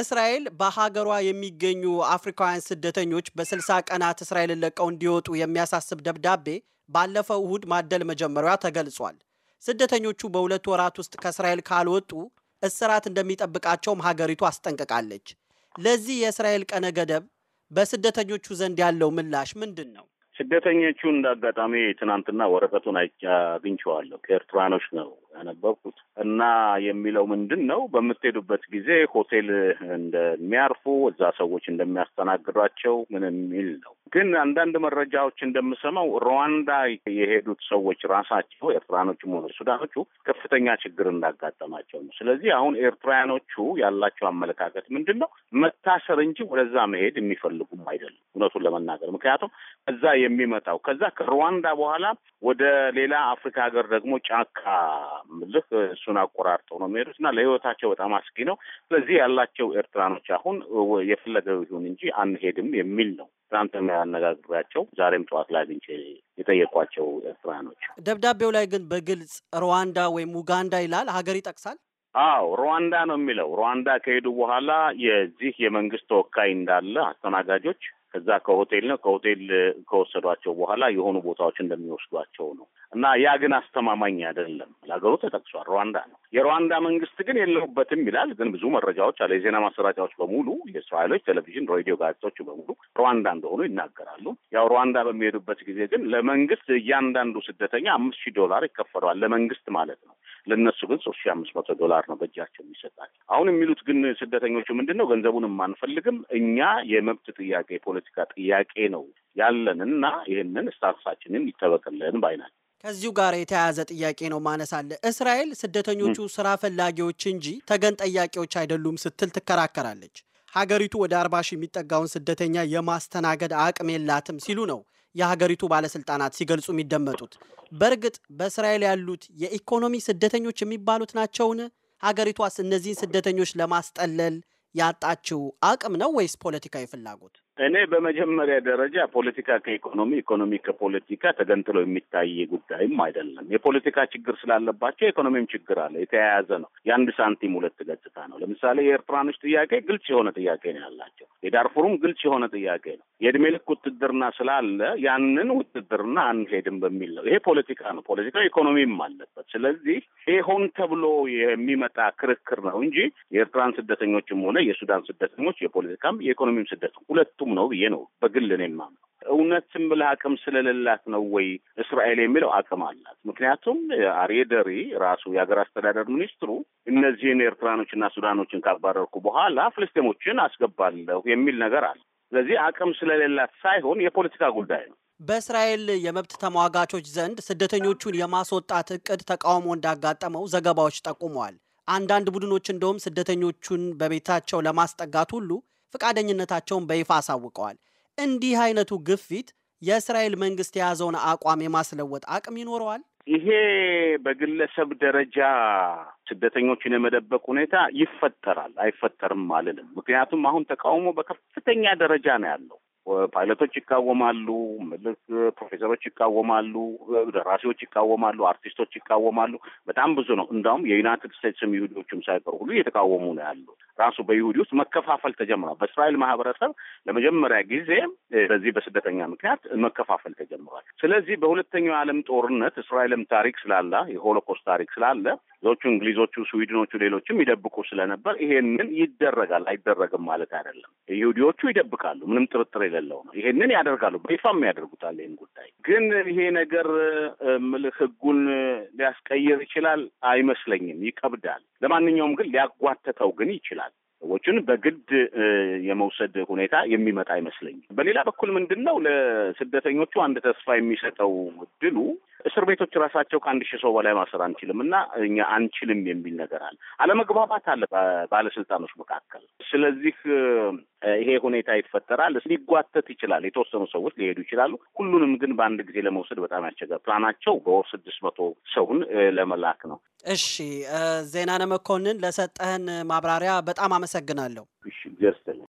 እስራኤል በሀገሯ የሚገኙ አፍሪካውያን ስደተኞች በስልሳ ቀናት እስራኤልን ለቀው እንዲወጡ የሚያሳስብ ደብዳቤ ባለፈው እሁድ ማደል መጀመሪያ ተገልጿል። ስደተኞቹ በሁለት ወራት ውስጥ ከእስራኤል ካልወጡ እስራት እንደሚጠብቃቸውም ሀገሪቱ አስጠንቅቃለች። ለዚህ የእስራኤል ቀነ ገደብ በስደተኞቹ ዘንድ ያለው ምላሽ ምንድን ነው? ስደተኞቹ እንዳጋጣሚ ትናንትና ወረቀቱን አግኝቼዋለሁ። ከኤርትራኖች ነው ያነበብኩት እና የሚለው ምንድን ነው በምትሄዱበት ጊዜ ሆቴል እንደሚያርፉ እዛ ሰዎች እንደሚያስተናግዷቸው ምን የሚል ነው። ግን አንዳንድ መረጃዎች እንደምሰማው ሩዋንዳ የሄዱት ሰዎች ራሳቸው ኤርትራኖቹም ሆነ ሱዳኖቹ ከፍተኛ ችግር እንዳጋጠማቸው ነው። ስለዚህ አሁን ኤርትራውያኖቹ ያላቸው አመለካከት ምንድን ነው? መታሰር እንጂ ወደዛ መሄድ የሚፈልጉም አይደለም እውነቱን ለመናገር ምክንያቱም ከዛ የሚመጣው ከዛ ከሩዋንዳ በኋላ ወደ ሌላ አፍሪካ ሀገር ደግሞ ጫካ ምልህ እሱን አቆራርጠው ነው የሚሄዱት እና ለህይወታቸው በጣም አስጊ ነው። ስለዚህ ያላቸው ኤርትራኖች አሁን የፈለገው ይሁን እንጂ አንሄድም የሚል ነው። ትናንትም ያነጋግሯቸው ዛሬም ጠዋት ላይ አግኝቼ የጠየቋቸው ኤርትራኖች ደብዳቤው ላይ ግን በግልጽ ሩዋንዳ ወይም ኡጋንዳ ይላል፣ ሀገር ይጠቅሳል። አዎ ሩዋንዳ ነው የሚለው። ሩዋንዳ ከሄዱ በኋላ የዚህ የመንግስት ተወካይ እንዳለ አስተናጋጆች ከዛ ከሆቴል ነው ከሆቴል ከወሰዷቸው በኋላ የሆኑ ቦታዎች እንደሚወስዷቸው ነው። እና ያ ግን አስተማማኝ አይደለም። ለሀገሩ ተጠቅሷል፣ ሩዋንዳ ነው። የሩዋንዳ መንግስት ግን የለሁበትም ይላል። ግን ብዙ መረጃዎች አለ። የዜና ማሰራጫዎች በሙሉ የእስራኤሎች ቴሌቪዥን፣ ሬዲዮ፣ ጋዜጦች በሙሉ ሩዋንዳ እንደሆኑ ይናገራሉ። ያው ሩዋንዳ በሚሄዱበት ጊዜ ግን ለመንግስት እያንዳንዱ ስደተኛ አምስት ሺህ ዶላር ይከፈለዋል፣ ለመንግስት ማለት ነው። ለእነሱ ግን ሶስት ሺ አምስት መቶ ዶላር ነው በእጃቸው የሚሰጣቸው። አሁን የሚሉት ግን ስደተኞቹ ምንድን ነው ገንዘቡንም አንፈልግም እኛ የመብት ጥያቄ የፖለቲካ ጥያቄ ነው ያለን እና ይህንን ስታትሳችንን ይጠበቅልን ባይ ናቸው። ከዚሁ ጋር የተያያዘ ጥያቄ ነው ማነሳለ። እስራኤል ስደተኞቹ ስራ ፈላጊዎች እንጂ ተገን ጠያቂዎች አይደሉም ስትል ትከራከራለች። ሀገሪቱ ወደ አርባ ሺህ የሚጠጋውን ስደተኛ የማስተናገድ አቅም የላትም ሲሉ ነው የሀገሪቱ ባለስልጣናት ሲገልጹ የሚደመጡት። በእርግጥ በእስራኤል ያሉት የኢኮኖሚ ስደተኞች የሚባሉት ናቸውን? ሀገሪቷስ እነዚህን ስደተኞች ለማስጠለል ያጣችው አቅም ነው ወይስ ፖለቲካዊ ፍላጎት? እኔ በመጀመሪያ ደረጃ ፖለቲካ ከኢኮኖሚ፣ ኢኮኖሚ ከፖለቲካ ተገንጥሎ የሚታይ ጉዳይም አይደለም። የፖለቲካ ችግር ስላለባቸው የኢኮኖሚም ችግር አለ፣ የተያያዘ ነው። የአንድ ሳንቲም ሁለት ገጽታ ነው። ለምሳሌ የኤርትራኖች ጥያቄ ግልጽ የሆነ ጥያቄ ነው ያላቸው። የዳርፉሩም ግልጽ የሆነ ጥያቄ ነው። የእድሜ ልክ ውትድርና ስላለ ያንን ውትድርና አንሄድም በሚል ነው። ይሄ ፖለቲካ ነው። ፖለቲካ ኢኮኖሚም አለበት። ስለዚህ ይሄ ሆን ተብሎ የሚመጣ ክርክር ነው እንጂ የኤርትራን ስደተኞችም ሆነ የሱዳን ስደተኞች የፖለቲካም የኢኮኖሚም ስደት ሁለቱም ፍጹም ነው ብዬ ነው በግል እኔ የማምነው። እውነትም አቅም ስለሌላት ነው ወይ እስራኤል የሚለው አቅም አላት። ምክንያቱም አርዬ ራሱ የሀገር አስተዳደር ሚኒስትሩ እነዚህን ኤርትራኖችና ሱዳኖችን ካባረርኩ በኋላ ፍልስጤሞችን አስገባለሁ የሚል ነገር አለ። ስለዚህ አቅም ስለሌላት ሳይሆን የፖለቲካ ጉዳይ ነው። በእስራኤል የመብት ተሟጋቾች ዘንድ ስደተኞቹን የማስወጣት እቅድ ተቃውሞ እንዳጋጠመው ዘገባዎች ጠቁመዋል። አንዳንድ ቡድኖች እንደውም ስደተኞቹን በቤታቸው ለማስጠጋት ሁሉ ፈቃደኝነታቸውን በይፋ አሳውቀዋል። እንዲህ አይነቱ ግፊት የእስራኤል መንግስት የያዘውን አቋም የማስለወጥ አቅም ይኖረዋል። ይሄ በግለሰብ ደረጃ ስደተኞችን የመደበቅ ሁኔታ ይፈጠራል፣ አይፈጠርም አልልም። ምክንያቱም አሁን ተቃውሞ በከፍተኛ ደረጃ ነው ያለው። ፓይለቶች ይቃወማሉ፣ ምልክ ፕሮፌሰሮች ይቃወማሉ፣ ደራሲዎች ይቃወማሉ፣ አርቲስቶች ይቃወማሉ። በጣም ብዙ ነው። እንዳውም የዩናይትድ ስቴትስም ይሁዶችም ሳይቀሩ ሁሉ እየተቃወሙ ነው ያሉት። ራሱ በይሁዲ ውስጥ መከፋፈል ተጀምሯል። በእስራኤል ማህበረሰብ ለመጀመሪያ ጊዜ በዚህ በስደተኛ ምክንያት መከፋፈል ተጀምሯል። ስለዚህ በሁለተኛው የዓለም ጦርነት እስራኤልም ታሪክ ስላለ የሆሎኮስት ታሪክ ስላለ ዞቹ እንግሊዞቹ፣ ስዊድኖቹ፣ ሌሎችም ይደብቁ ስለነበር ይሄንን ይደረጋል አይደረግም ማለት አይደለም። ይሁዲዎቹ ይደብቃሉ፣ ምንም ጥርጥር የሌለው ነው። ይሄንን ያደርጋሉ፣ በይፋም ያደርጉታል። ይህን ጉዳይ ግን ይሄ ነገር ምልህ ህጉን ሊያስቀይር ይችላል አይመስለኝም፣ ይከብዳል። ለማንኛውም ግን ሊያጓተተው ግን ይችላል። ሰዎችን በግድ የመውሰድ ሁኔታ የሚመጣ አይመስለኝም። በሌላ በኩል ምንድን ነው ለስደተኞቹ አንድ ተስፋ የሚሰጠው ድሉ እስር ቤቶች ራሳቸው ከአንድ ሺህ ሰው በላይ ማሰር አንችልም እና እኛ አንችልም የሚል ነገር አለ። አለመግባባት አለ ባለስልጣኖች መካከል። ስለዚህ ይሄ ሁኔታ ይፈጠራል። ሊጓተት ይችላል። የተወሰኑ ሰዎች ሊሄዱ ይችላሉ። ሁሉንም ግን በአንድ ጊዜ ለመውሰድ በጣም ያስቸግራል። ፕላናቸው በወር ስድስት መቶ ሰውን ለመላክ ነው። እሺ፣ ዜናነ መኮንን ለሰጠህን ማብራሪያ በጣም አመሰግናለሁ። እሺ።